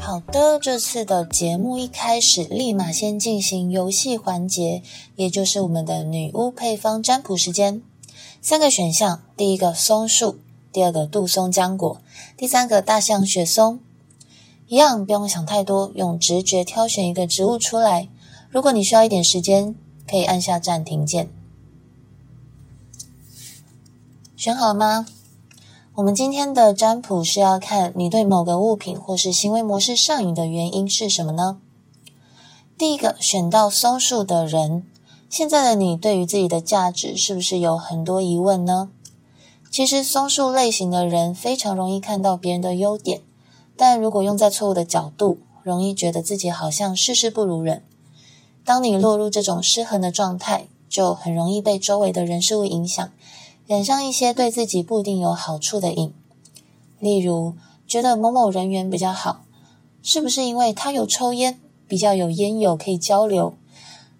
好的，這次的節目一開始，立馬先進行遊戲環節，也就是我們的女巫配方占卜時間。三個選項，第一個松樹。第二個杜松漿果，第三個大象雪松，一樣不用想太多，用直覺挑選一個植物出來。如果你需要一點時間，可以按下暫停鍵。選好了嗎？我們今天的占卜是要看你對某個物品或是行為模式上癮的原因是什麼呢？第一個選到松樹的人，現在的你對於自己的價值是不是有很多疑問呢？其實松樹類型的人非常容易看到別人的優點，但如果用在錯誤的角度，容易覺得自己好像事事不如人。當你落入這種失衡的狀態，就很容易被周圍的人事物影響，染上一些對自己不一定有好處的癮。例如，覺得某某人緣比較好，是不是因為他有抽菸，比較有菸友可以交流？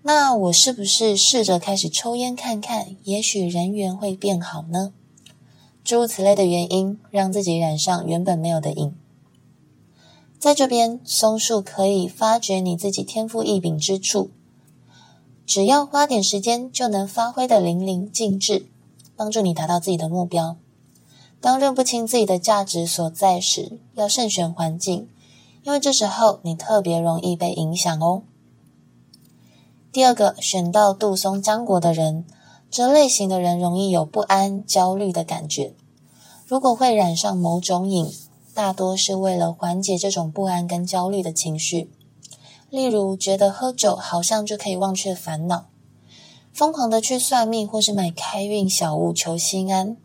那我是不是試着開始抽菸看看，也許人緣會變好呢？諸如此類的原因，讓自己染上原本沒有的癮。在這邊，松樹可以發掘你自己天賦異稟之處，只要花點時間，就能發揮的淋漓盡致，幫助你達到自己的目標。當認不清自己的價值所在時，要慎選環境，因為這時候你特別容易被影響哦。第二個，選到杜松漿果的人。這類型的人容易有不安、焦慮的感覺。如果會染上某種癮，大多是為了緩解這種不安跟焦慮的情緒。例如，覺得喝酒好像就可以忘卻煩惱，瘋狂的去算命或是買開運小物求心安，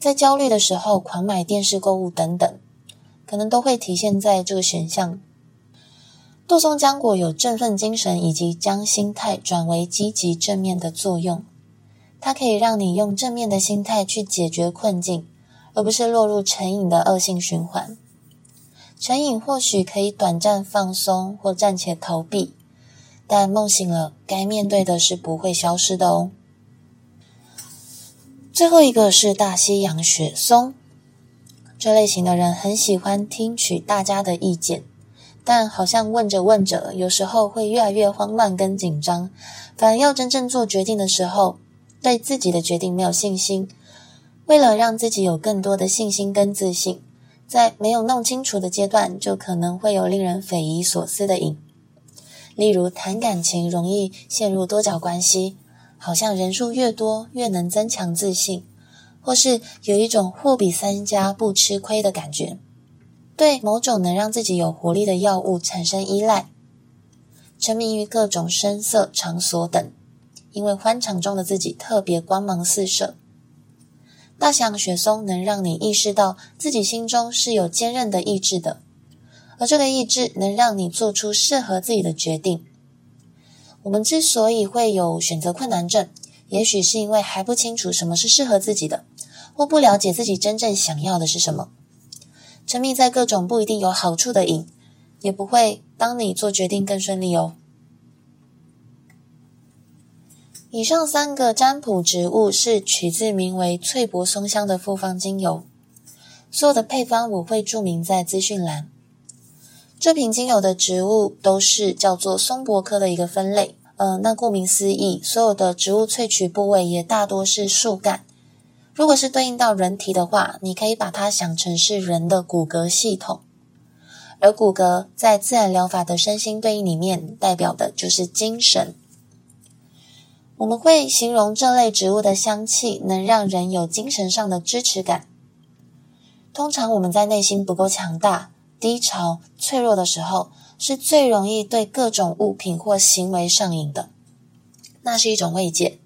在焦慮的時候狂買電視購物等等，可能都會體現在這個選項。杜松漿果有振奮精神以及將心態轉為積極正面的作用。它可以讓你用正面的心態去解決困境，而不是落入成癮的惡性循環。成癮或許可以短暫放鬆或暫且逃避，但夢醒了，該面對的是不會消失的哦。最後一個是大西洋雪松，這類型的人很喜歡聽取大家的意見，但好像問着問着，有時候會越來越慌亂跟緊張，反而要真正做決定的時候，對自己的決定沒有信心，為了讓自己有更多的信心跟自信，在沒有弄清楚的階段，就可能會有令人匪夷所思的癮，例如談感情容易陷入多角關係，好像人數越多越能增強自信，或是有一種貨比三家不吃虧的感覺，對某種能讓自己有活力的藥物產生依賴，沉迷於各種聲色場所等。因為歡場中的自己特別光芒四射。大西洋雪松能讓你意識到自己心中是有堅韌的意志的，而這個意志能讓你做出適合自己的決定。我們之所以會有選擇困難症，也許是因為還不清楚什麼是適合自己的，或不了解自己真正想要的是什麼。沉迷在各種不一定有好處的癮，也不會當你做決定更順利哦。以上三個占卜植物是取自名為翠柏松香的複方精油，所有的配方我會注明在資訊欄。這瓶精油的植物都是叫做松柏科的一個分類，呃，那顧名思義，所有的植物萃取部位也大多是樹幹。如果是對應到人體的話，你可以把它想成是人的骨骼系統，而骨骼在自然療法的身心對應裡面代表的就是精神。我們會形容這類植物的香氣能讓人有精神上的支持感。通常我們在內心不夠強大、低潮、脆弱的時候，是最容易對各種物品或行為上癮的。那是一種慰藉。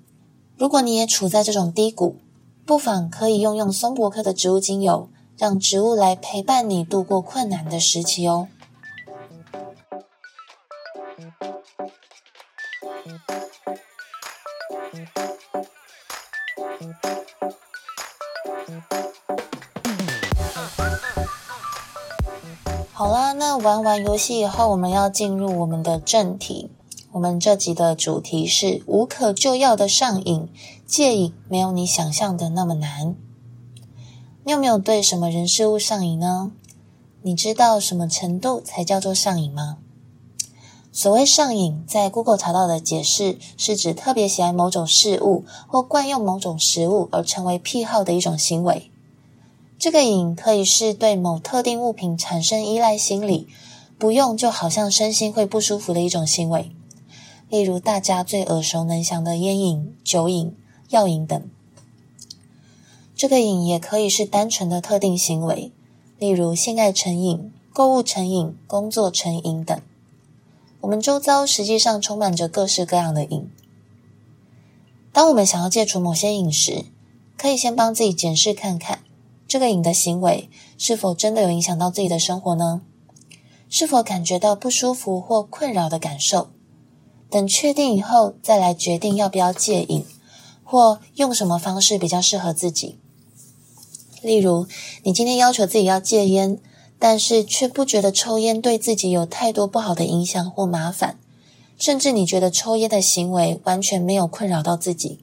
如果你也處在這種低谷，不妨可以用用松柏科的植物精油，讓植物來陪伴你度過困難的時期哦。嗯嗯嗯好啦，那玩完遊戲以後，我們要進入我們的正題。我們這集的主題是無可救藥的上癮，戒癮沒有你想象的那麼難。你有沒有對什麼人事物上癮呢？你知道什麼程度才叫做上癮嗎？所謂上癮，在 Google 查到的解釋是指特別喜愛某種事物或慣用某種食物而成為癖好的一種行為。這個癮可以是對某特定物品產生依賴心理，不用就好像身心會不舒服的一種行為。例如大家最耳熟能詳的菸癮、酒癮、藥癮等。這個癮也可以是單純的特定行為，例如性愛成癮、購物成癮、工作成癮等。我們周遭實際上充滿着各式各樣的癮。當我們想要戒除某些癮時，可以先幫自己檢視看看，這個癮的行為是否真的有影響到自己的生活呢？是否感覺到不舒服或困擾的感受？等確定以後，再來決定要不要戒癮，或用什麼方式比較適合自己。例如，你今天要求自己要戒菸。但是卻不覺得抽菸對自己有太多不好的影響或麻煩，甚至你覺得抽菸的行為完全沒有困擾到自己，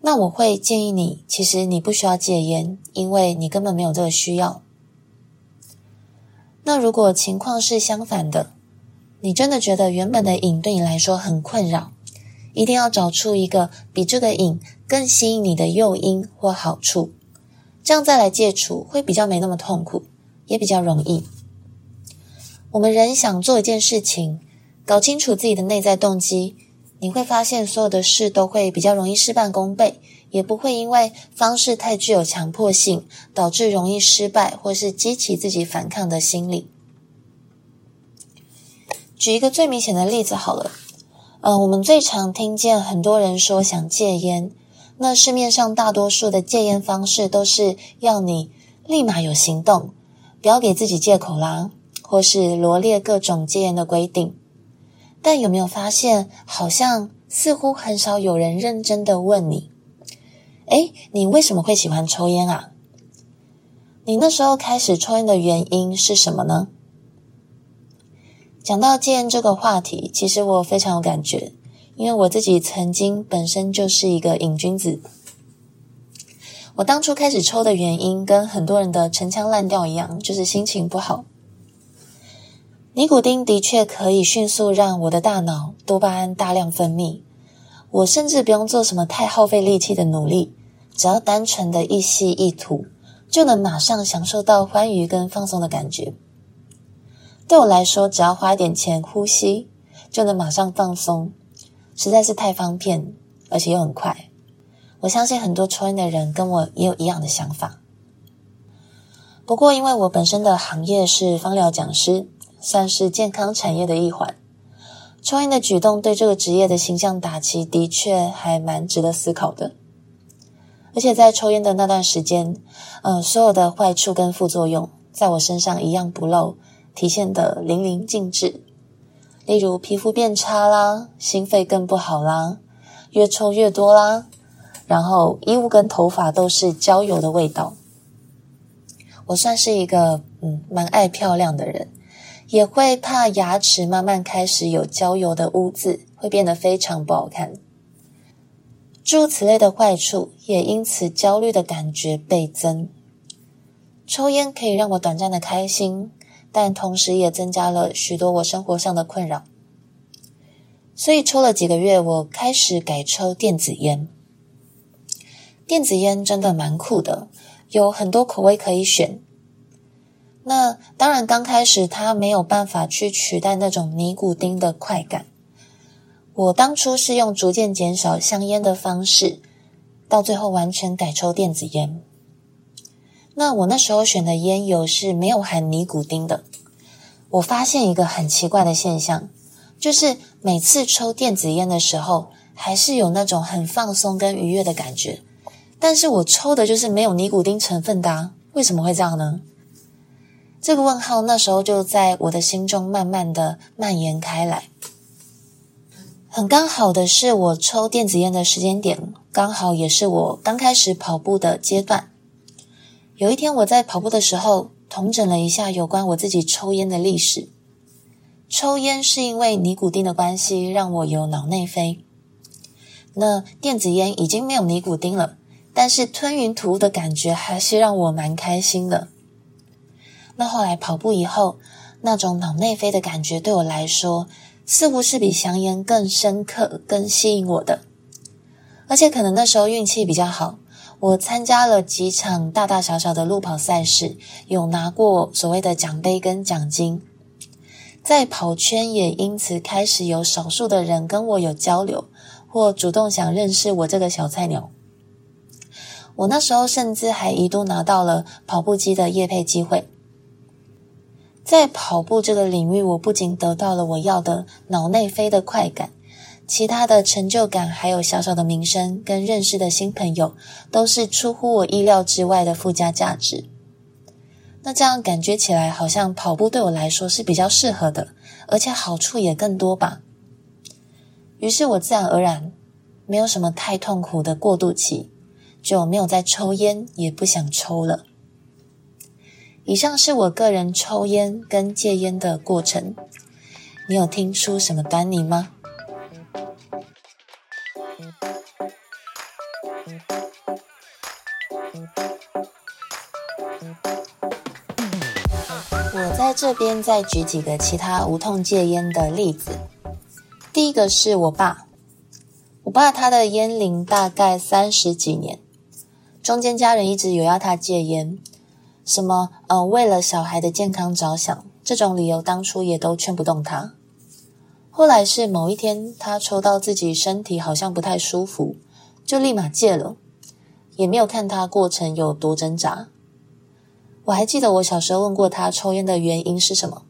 那我會建議你，其實你不需要戒菸，因為你根本沒有這個需要。那如果情況是相反的，你真的覺得原本的癮對你來說很困擾，一定要找出一個比這個癮更吸引你的誘因或好處，這樣再來戒除會比較沒那麼痛苦。也比較容易。我們人想做一件事情，搞清楚自己的內在動機，你會發現所有的事都會比較容易事半功倍，也不會因為方式太具有強迫性，導致容易失敗或是激起自己反抗的心理。舉一個最明顯的例子好了，呃，我們最常聽見很多人說想戒菸，那市面上大多數的戒菸方式都是要你立馬有行動。不要給自己借口啦，或是羅列各種戒煙的規定。但有沒有發現，好像似乎很少有人認真的問你：哎，你為什麼會喜歡抽煙啊？你那時候開始抽煙的原因是什麼呢？講到戒煙這個話題，其實我非常有感覺，因為我自己曾經本身就是一個癮君子。我當初開始抽的原因，跟很多人的陳腔濫調一樣，就是心情不好。尼古丁的確可以迅速讓我的大腦多巴胺大量分泌，我甚至不用做什麼太耗費力氣的努力，只要單純的一吸一吐，就能馬上享受到歡愉跟放鬆的感覺。對我來說，只要花點錢呼吸，就能馬上放鬆，實在是太方便，而且又很快。我相信很多抽菸的人跟我也有一樣的想法。不過，因為我本身的行業是芳療講師，算是健康產業的一環，抽菸的舉動對這個職業的形象打擊，的確還蠻值得思考的。而且在抽菸的那段時間，呃，所有的壞處跟副作用，在我身上一樣不漏，體現得淋漓盡致。例如皮膚變差啦，心肺更不好啦，越抽越多啦。然後，衣物跟頭髮都是焦油的味道。我算是一個嗯，蠻愛漂亮的人，也會怕牙齒慢慢開始有焦油的污漬，會變得非常不好看。諸如此類的壞處，也因此焦慮的感覺倍增。抽菸可以讓我短暫的開心，但同時也增加了許多我生活上的困擾。所以抽了幾個月，我開始改抽電子菸。電子煙真的蠻酷的，有很多口味可以選。那當然，剛開始它沒有辦法去取代那種尼古丁的快感。我當初是用逐漸減少香菸的方式，到最後完全改抽電子煙。那我那時候選的菸油是沒有含尼古丁的。我發現一個很奇怪的現象，就是每次抽電子煙的時候，還是有那種很放鬆跟愉悅的感覺。但是我抽的就是沒有尼古丁成分的啊，為什麼會這樣呢？這個問號那時候就在我的心中慢慢的蔓延開來。很剛好的是我抽電子菸的時間點，剛好也是我剛開始跑步的階段。有一天我在跑步的時候，統整了一下有關我自己抽菸的歷史。抽菸是因為尼古丁的關係讓我有腦內啡，那電子菸已經沒有尼古丁了。但是吞雲吐霧的感覺還是讓我蠻開心的。那後來跑步以後，那種腦內飛的感覺對我來說，似乎是比香煙更深刻、更吸引我的。而且可能那時候運氣比較好，我參加了幾場大大小小的路跑賽事，有拿過所謂的獎盃跟獎金，在跑圈也因此開始有少數的人跟我有交流，或主動想認識我這個小菜鳥。我那時候甚至還一度拿到了跑步機的業配機會，在跑步這個領域，我不僅得到了我要的腦內啡的快感，其他的成就感還有小小的名聲跟認識的新朋友，都是出乎我意料之外的附加價值。那這樣感覺起來，好像跑步對我來說是比較適合的，而且好處也更多吧。於是我自然而然，沒有什麼太痛苦的過渡期。就沒有再抽菸，也不想抽了。以上是我個人抽菸跟戒菸的過程，你有聽出什麼端倪嗎？嗯。我在這邊再舉幾個其他無痛戒菸的例子。第一個是我爸，我爸他的菸齡大概三十幾年。中間家人一直有要他戒煙，什麼呃，為了小孩的健康着想，這種理由當初也都勸不動他。後來是某一天，他抽到自己身體好像不太舒服，就立馬戒了，也沒有看他過程有多掙扎。我還記得我小時候問過他抽烟的原因是什麼，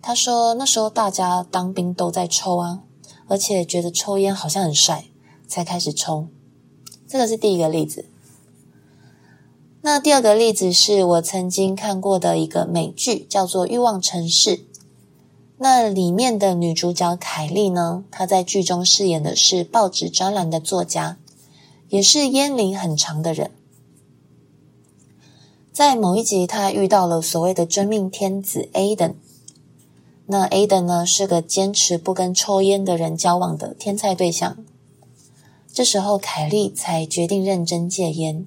他說那時候大家當兵都在抽啊，而且覺得抽煙好像很帥，才開始抽。這個是第一個例子。那第二個例子是我曾經看過的一個美劇，叫做《慾望城市》。那裡面的女主角凱莉呢，她在劇中飾演的是報紙專欄的作家，也是菸齡很長的人。在某一集，她遇到了所謂的“真命天子 ”Aiden。那 Aiden 呢，是個堅持不跟抽菸的人交往的天菜對象。這時候，凱莉才決定認真戒菸。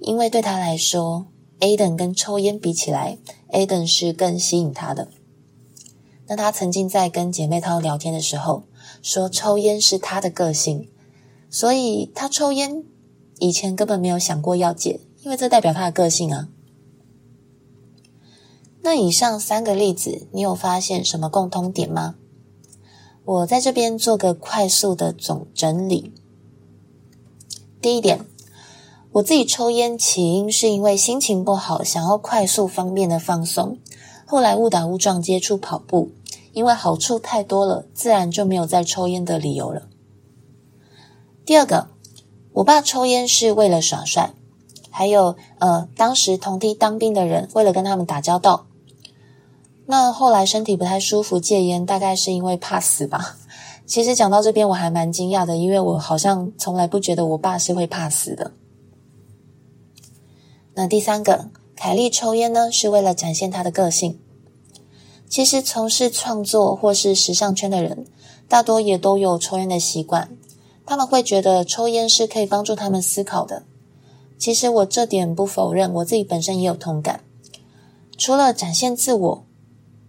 因為對他來說，Aden 跟抽菸比起來，Aden 是更吸引他的。那他曾經在跟姐妹淘聊天的時候說，抽菸是他的個性，所以他抽菸以前根本沒有想過要戒，因為這代表他的個性啊。那以上三個例子，你有發現什麼共通點嗎？我在這邊做個快速的總整理。第一點。我自己抽煙起因是因為心情不好，想要快速方便的放鬆。後來誤打誤撞接觸跑步，因為好處太多了，自然就沒有再抽菸的理由了。第二個，我爸抽菸是為了耍帥，還有呃，當時同梯當兵的人，為了跟他們打交道。那後來身體不太舒服戒菸，大概是因為怕死吧。其實講到這邊我還蠻驚訝的，因為我好像從來不覺得我爸是會怕死的。那第三個，凱莉抽菸呢，是為了展現他的個性。其實從事創作或是時尚圈的人，大多也都有抽菸的習慣。他們會覺得抽菸是可以幫助他們思考的。其實我這點不否認，我自己本身也有同感。除了展現自我，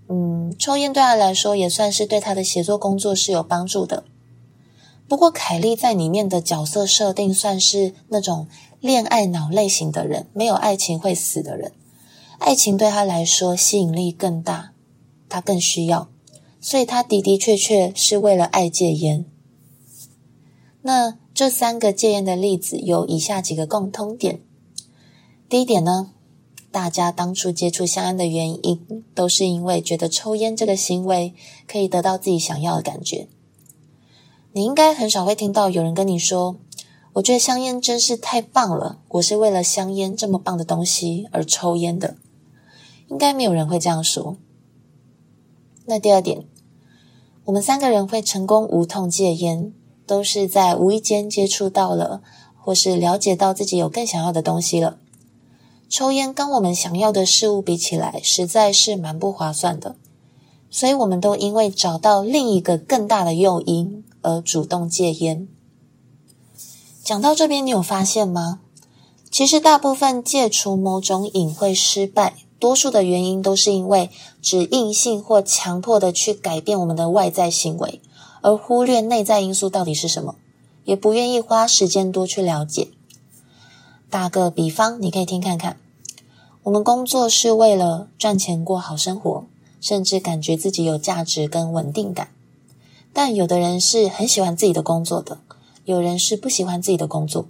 嗯，抽菸對他來說也算是對他的寫作工作是有幫助的。不過凱莉在裡面的角色設定算是那種。戀愛腦類型的人，沒有愛情會死的人，愛情對他來說吸引力更大，他更需要，所以他的的確確是為了愛戒菸。那這三個戒菸的例子有以下幾個共通點：第一點呢，大家當初接觸香菸的原因，都是因為覺得抽菸這個行為可以得到自己想要的感覺。你應該很少會聽到有人跟你說。我覺得香煙真是太棒了。我是為了香煙這麼棒的東西而抽煙的。應該沒有人會這樣說。那第二點，我們三個人會成功無痛戒煙，都是在無意間接觸到了，或是了解到自己有更想要的東西了。抽煙跟我們想要的事物比起來，實在是蠻不划算的。所以我們都因為找到另一個更大的誘因而主動戒煙。講到這邊，你有發現嗎？其實大部分戒除某種癮會失敗，多數的原因都是因為只硬性或強迫的去改變我們的外在行為，而忽略內在因素到底是什麼，也不願意花時間多去了解。打個比方，你可以聽看看：我們工作是為了賺錢過好生活，甚至感覺自己有價值跟穩定感；但有的人是很喜歡自己的工作的。有人是不喜歡自己的工作，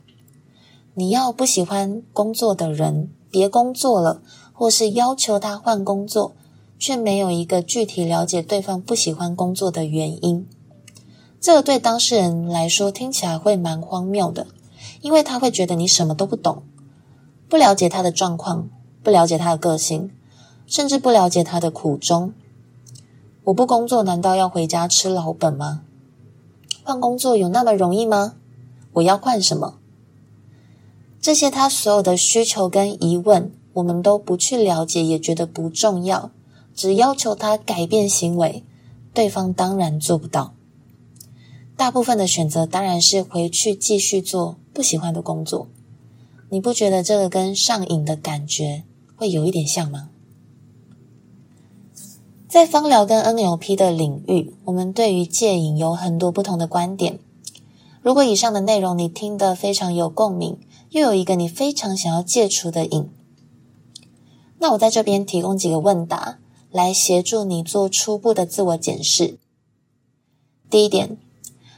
你要不喜歡工作的人，別工作了，或是要求他換工作，卻沒有一個具體了解對方不喜歡工作的原因。這個對當事人來說聽起來會蠻荒謬的，因為他會覺得你什麼都不懂，不了解他的狀況，不了解他的個性，甚至不了解他的苦衷。我不工作，難道要回家吃老本嗎？換工作有那麼容易嗎？我要換什麼？這些他所有的需求跟疑問，我們都不去了解，也覺得不重要，只要求他改變行為，對方當然做不到。大部分的選擇當然是回去繼續做不喜歡的工作。你不覺得這個跟上癮的感覺會有一點像嗎？在芳療跟 NLP 的領域，我們對於戒癮有很多不同的觀點。如果以上的內容你聽得非常有共鳴，又有一個你非常想要戒除的癮，那我在這邊提供幾個問答，來協助你做初步的自我檢視。第一點，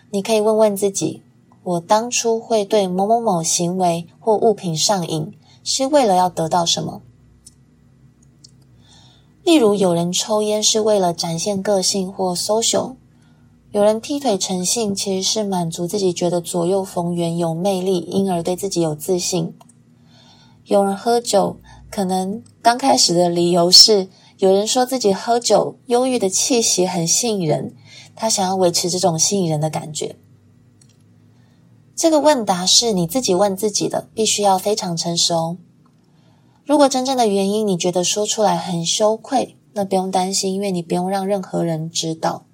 你可以問問自己：我當初會對某某某行為或物品上癮，是為了要得到什麼？例如，有人抽煙是為了展現個性或 social；有人劈腿成性，其實是滿足自己覺得左右逢源、有魅力，因而對自己有自信。有人喝酒，可能剛開始的理由是有人說自己喝酒，憂鬱的氣息很吸引人，他想要維持這種吸引人的感覺。這個問答是你自己問自己的，必須要非常誠實哦。如果真正的原因你覺得說出來很羞愧，那不用擔心，因為你不用讓任何人知道。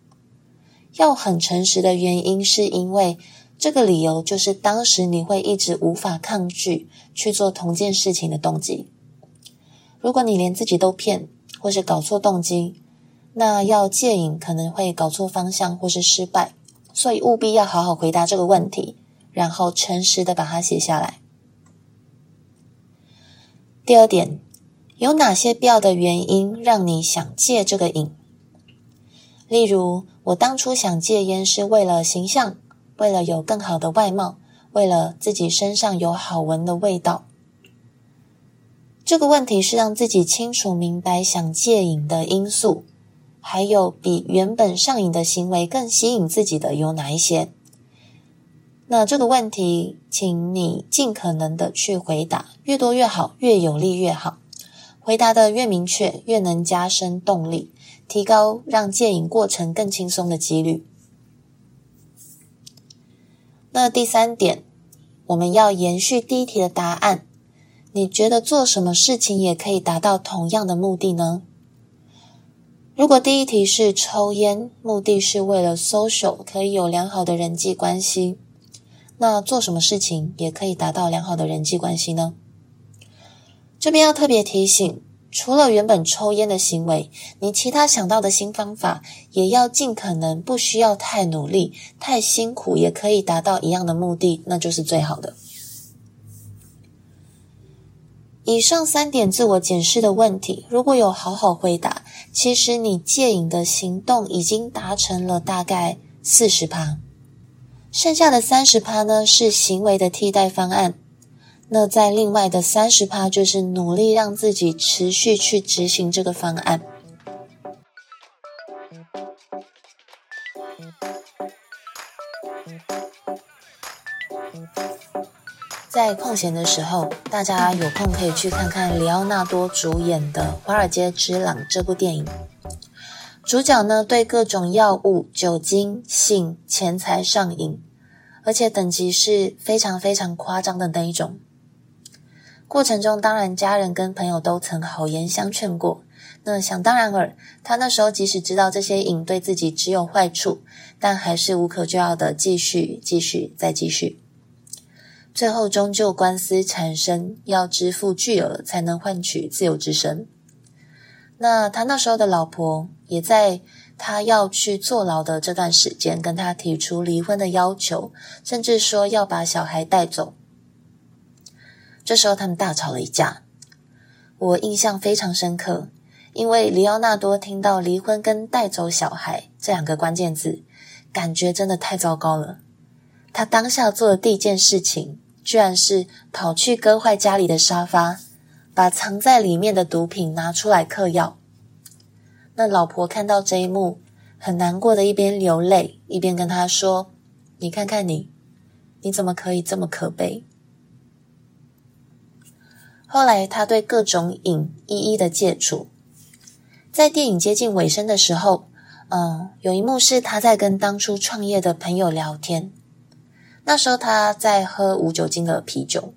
要很誠實的原因，是因為這個理由就是當時你會一直無法抗拒去做同件事情的動機。如果你連自己都騙，或是搞錯動機，那要戒癮可能會搞錯方向或是失敗，所以務必要好好回答這個問題，然後誠實的把它寫下來。第二點，有哪些必要的原因讓你想戒這個癮？例如，我當初想戒菸是為了形象，為了有更好的外貌，為了自己身上有好聞的味道。這個問題是讓自己清楚明白想戒癮的因素，還有比原本上癮的行為更吸引自己的有哪一些？那這個問題，請你盡可能的去回答，越多越好，越有力越好。回答的越明確，越能加深動力，提高讓戒癮過程更輕鬆的幾率。那第三點，我們要延續第一題的答案。你覺得做什麼事情也可以達到同樣的目的呢？如果第一題是抽菸，目的是為了 social，可以有良好的人際關係。那做什麼事情也可以達到良好的人際關係呢？這邊要特別提醒，除了原本抽菸的行為，你其他想到的新方法，也要盡可能不需要太努力、太辛苦，也可以達到一樣的目的，那就是最好的。以上三點自我檢視的問題，如果有好好回答，其實你戒癮的行動已經達成了大概四十趴。剩下的三十趴呢，是行為的替代方案。那在另外的三十趴，就是努力讓自己持續去執行這個方案。在空閒的時候，大家有空可以去看看李奧納多主演的《華爾街之狼》這部電影。主角呢，對各種藥物、酒精、性、錢財上癮。而且等級是非常非常誇張的那一種。過程中，當然家人跟朋友都曾好言相勸過。那想當然耳，他那時候即使知道這些癮對自己只有壞處，但還是無可救藥的繼續、繼續、再繼續。最後，終究官司產生，要支付巨額才能換取自由之身。那他那時候的老婆也在。他要去坐牢的這段時間，跟他提出離婚的要求，甚至說要把小孩帶走。這時候他們大吵了一架，我印象非常深刻，因為李奧納多聽到“離婚”跟“帶走小孩”這兩個關鍵字，感覺真的太糟糕了。他當下做的第一件事情，居然是跑去割壞家裡的沙發，把藏在裡面的毒品拿出來嗑藥。那老婆看到這一幕，很難過的一邊流淚一邊跟他說：“你看看你，你怎麼可以這麼可悲？”後來，他對各種癮一一的戒除。在電影接近尾聲的時候，嗯，有一幕是他在跟當初創業的朋友聊天，那時候他在喝無酒精的啤酒，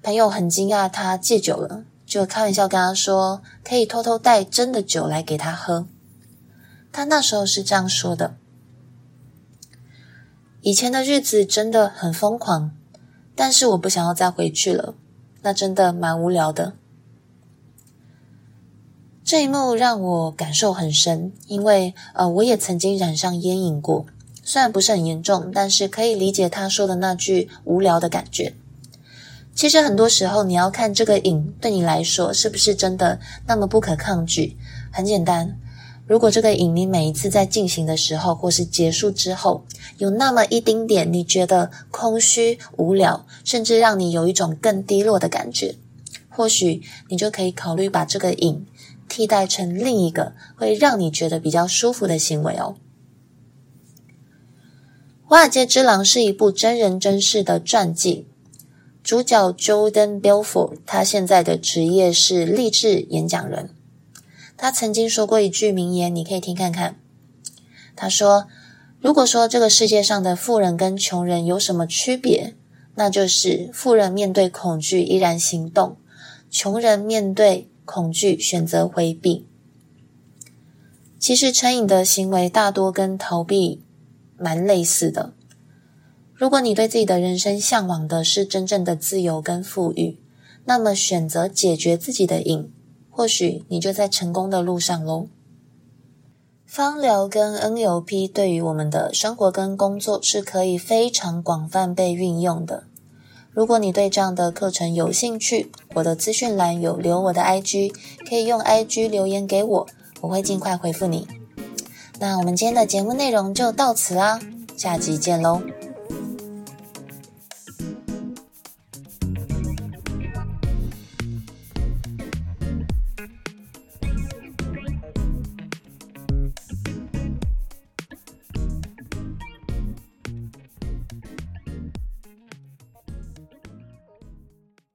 朋友很驚訝他戒酒了。就開玩笑跟他說，可以偷偷帶真的酒來給他喝。他那時候是這樣說的：“以前的日子真的很瘋狂，但是我不想要再回去了，那真的蠻無聊的。”這一幕讓我感受很深，因為呃，我也曾經染上菸癮過，雖然不是很嚴重，但是可以理解他說的那句無聊的感覺。其實很多時候，你要看這個癮對你來說是不是真的那麼不可抗拒。很簡單，如果這個癮你每一次在進行的時候，或是結束之後，有那麼一丁點你覺得空虛、無聊，甚至讓你有一種更低落的感覺，或許你就可以考慮把這個癮替代成另一個會讓你覺得比較舒服的行為哦。《華爾街之狼》是一部真人真事的傳記。主角 Jordan b e l f o r t 他現在的職業是勵志演講人。他曾經說過一句名言，你可以聽看看。他說：“如果說這個世界上的富人跟窮人有什麼區別，那就是富人面對恐懼依然行動，窮人面對恐懼選擇回避。”其實，成癮的行為大多跟逃避蠻類似的。如果你對自己的人生嚮往的是真正的自由跟富裕，那麼選擇解決自己的癮，或許你就在成功的路上嘍。芳療跟 NLP 對於我們的生活跟工作是可以非常廣泛被運用的。如果你對這樣的課程有興趣，我的資訊欄有留我的 IG，可以用 IG 留言給我，我會儘快回復你。那我們今天的節目內容就到此啦，下集見嘍。